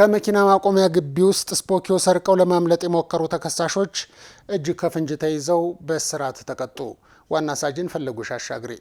ከመኪና ማቆሚያ ግቢ ውስጥ ስፖኪዮ ሰርቀው ለማምለጥ የሞከሩ ተከሳሾች እጅ ከፍንጅ ተይዘው በእስራት ተቀጡ። ዋና ሳጅን ፈለጉ ሻሻግሬ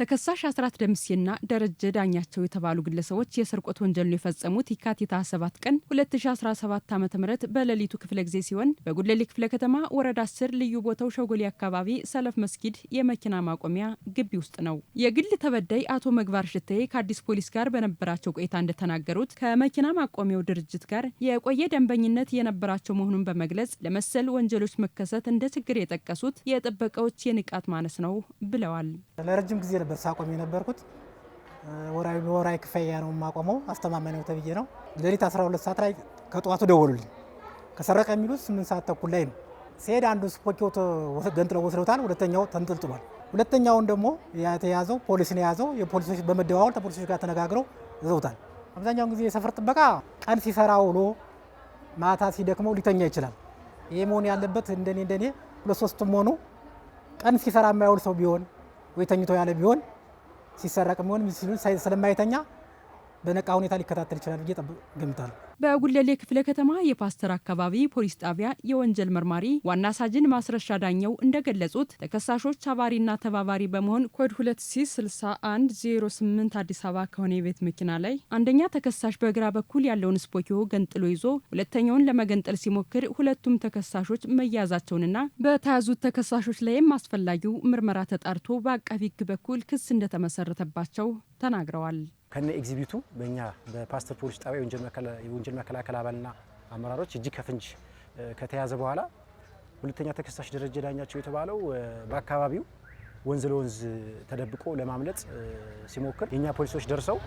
ተከሳሽ አስራት ደምሴና ደረጀ ዳኛቸው የተባሉ ግለሰቦች የስርቆት ወንጀል የፈጸሙት የካቲት 7 ቀን 2017 ዓ ም በሌሊቱ ክፍለ ጊዜ ሲሆን በጉለሌ ክፍለ ከተማ ወረዳ 10 ልዩ ቦታው ሸጎሌ አካባቢ ሰለፍ መስጊድ የመኪና ማቆሚያ ግቢ ውስጥ ነው። የግል ተበዳይ አቶ መግባር ሽታዬ ከአዲስ ፖሊስ ጋር በነበራቸው ቆይታ እንደተናገሩት ከመኪና ማቆሚያው ድርጅት ጋር የቆየ ደንበኝነት የነበራቸው መሆኑን በመግለጽ ለመሰል ወንጀሎች መከሰት እንደ ችግር የጠቀሱት የጥበቃዎች የንቃት ማነስ ነው ብለዋል። ለረጅም ጊዜ ነበር ሳቆም የነበርኩት ወራዊ በወራዊ ክፈያ ነው የማቆመው። አስተማመነው ተብዬ ነው። ሌሊት 12 ሰዓት ላይ ከጠዋቱ ደወሉልኝ። ከሰረቀ የሚሉት 8 ሰዓት ተኩል ላይ ነው። ሲሄድ አንዱ ስፖኪው ገንጥለው ወስደውታል። ሁለተኛው ተንጠልጥሏል። ሁለተኛውን ደግሞ የተያዘው ፖሊስን የያዘው የፖሊሶች በመደዋወል ከፖሊሶች ጋር ተነጋግረው ይዘውታል። አብዛኛውን ጊዜ የሰፈር ጥበቃ ቀን ሲሰራ ውሎ ማታ ሲደክመው ሊተኛ ይችላል። ይህ መሆን ያለበት እንደኔ እንደኔ ሁለት ሶስትም ሆኑ ቀን ሲሰራ የማይውል ሰው ቢሆን ወይ ተኝቶ ያለ ቢሆን ሲሰረቅ ቢሆን ስለማይተኛ በነቃ ሁኔታ ሊከታተል ይችላል ብዬ ገምታል። በጉለሌ ክፍለ ከተማ የፓስተር አካባቢ ፖሊስ ጣቢያ የወንጀል መርማሪ ዋና ሳጅን ማስረሻ ዳኘው እንደገለጹት ተከሳሾች አባሪና ተባባሪ በመሆን ኮድ 2 አዲስ አበባ ከሆነ የቤት መኪና ላይ አንደኛ ተከሳሽ በግራ በኩል ያለውን ስፖኪዮ ገንጥሎ ይዞ ሁለተኛውን ለመገንጠል ሲሞክር ሁለቱም ተከሳሾች መያዛቸውንና በተያዙት ተከሳሾች ላይም አስፈላጊው ምርመራ ተጣርቶ በአቃቢ ሕግ በኩል ክስ እንደተመሰረተባቸው ተናግረዋል። ከነ ኤግዚቢቱ በእኛ በፓስተር ፖሊስ ጣቢያ የወንጀል መከላከል አባልና አመራሮች እጅ ከፍንጅ ከተያዘ በኋላ ሁለተኛ ተከሳሽ ደረጀ ዳኛቸው የተባለው በአካባቢው ወንዝ ለወንዝ ተደብቆ ለማምለጥ ሲሞክር የእኛ ፖሊሶች ደርሰው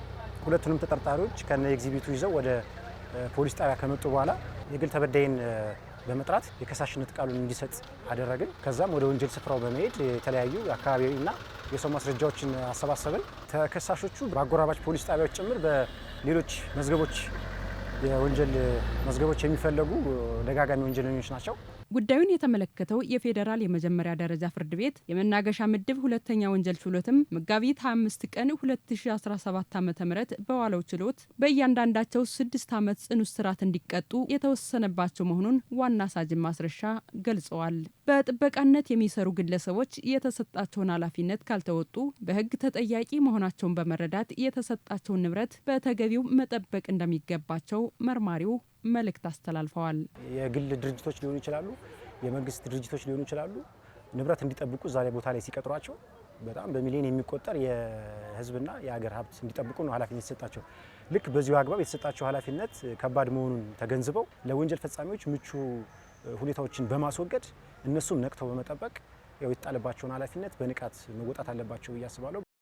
ሁለቱንም ተጠርጣሪዎች ከነ ኤግዚቢቱ ይዘው ወደ ፖሊስ ጣቢያ ከመጡ በኋላ የግል ተበዳይን በመጥራት የከሳሽነት ቃሉን እንዲሰጥ አደረግን። ከዛም ወደ ወንጀል ስፍራው በመሄድ የተለያዩ አካባቢና የሰው ማስረጃዎችን አሰባሰብን። ተከሳሾቹ በአጎራባች ፖሊስ ጣቢያዎች ጭምር በሌሎች መዝገቦች የወንጀል መዝገቦች የሚፈለጉ ደጋጋሚ ወንጀለኞች ናቸው። ጉዳዩን የተመለከተው የፌዴራል የመጀመሪያ ደረጃ ፍርድ ቤት የመናገሻ ምድብ ሁለተኛ ወንጀል ችሎትም መጋቢት 25 ቀን 2017 ዓ ም በዋለው ችሎት በእያንዳንዳቸው ስድስት ዓመት ጽኑ እስራት እንዲቀጡ የተወሰነባቸው መሆኑን ዋና ሳጅን ማስረሻ ገልጸዋል። በጥበቃነት የሚሰሩ ግለሰቦች የተሰጣቸውን ኃላፊነት ካልተወጡ በሕግ ተጠያቂ መሆናቸውን በመረዳት የተሰጣቸውን ንብረት በተገቢው መጠበቅ እንደሚገባቸው መርማሪው መልእክት አስተላልፈዋል። የግል ድርጅቶች ሊሆኑ ይችላሉ፣ የመንግስት ድርጅቶች ሊሆኑ ይችላሉ። ንብረት እንዲጠብቁ ዛሬ ቦታ ላይ ሲቀጥሯቸው በጣም በሚሊዮን የሚቆጠር የህዝብና የሀገር ሀብት እንዲጠብቁ ነው ኃላፊነት የተሰጣቸው። ልክ በዚሁ አግባብ የተሰጣቸው ኃላፊነት ከባድ መሆኑን ተገንዝበው ለወንጀል ፈጻሚዎች ምቹ ሁኔታዎችን በማስወገድ እነሱም ነቅተው በመጠበቅ ያው የተጣለባቸውን ኃላፊነት በንቃት መወጣት አለባቸው ብዬ አስባለሁ።